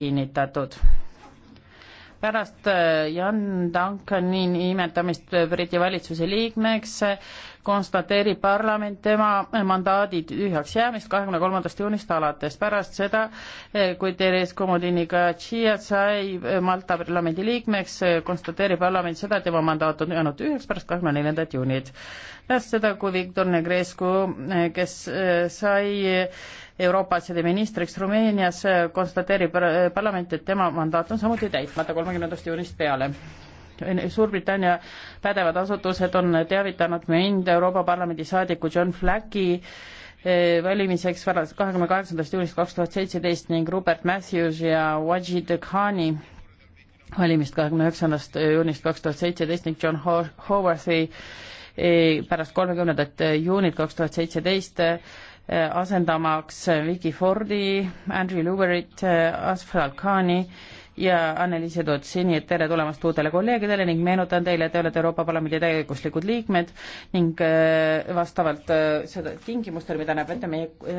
kinnitatud. pärast äh, Jan Duncani nimetamist Briti valitsuse liikmeks äh, konstateerib parlament tema äh, mandaadi tühjaks jäämist kahekümne kolmandast juunist alates. pärast seda, kui Therese Comodini Garcia sai Malta parlamendi liikmeks, konstateerib parlament seda, et tema mandaat on jäänud tühjaks pärast kahekümne neljandat juunit. pärast seda, kui Viktor Negrescu, kes sai Euroopa asjade ministriks Rumeenias, äh, konstateerib äh, parlament, et tema mandaat on samuti täitmata kolmekümnendast juunist peale. Äh, Suurbritannia pädevad asutused on teavitanud mind Euroopa Parlamendi saadiku John Flacki valimiseks kahekümne kaheksandast juunist kaks tuhat seitseteist ning Rupert Matthews ja Wajid Khani valimist kahekümne üheksandast juunist kaks tuhat seitseteist ning John Howarthi pärast kolmekümnendat juunit kaks tuhat seitseteist Äh, asendamaks Vicky Fordi, Andrew Lugerit, äh, Asfar Al-Khani ja Anneliise Tutsi, nii et tere tulemast uutele kolleegidele ning meenutan teile, et te olete Euroopa Parlamendi täieõiguslikud liikmed ning äh, vastavalt seda tingimustele, mida näeb ette meie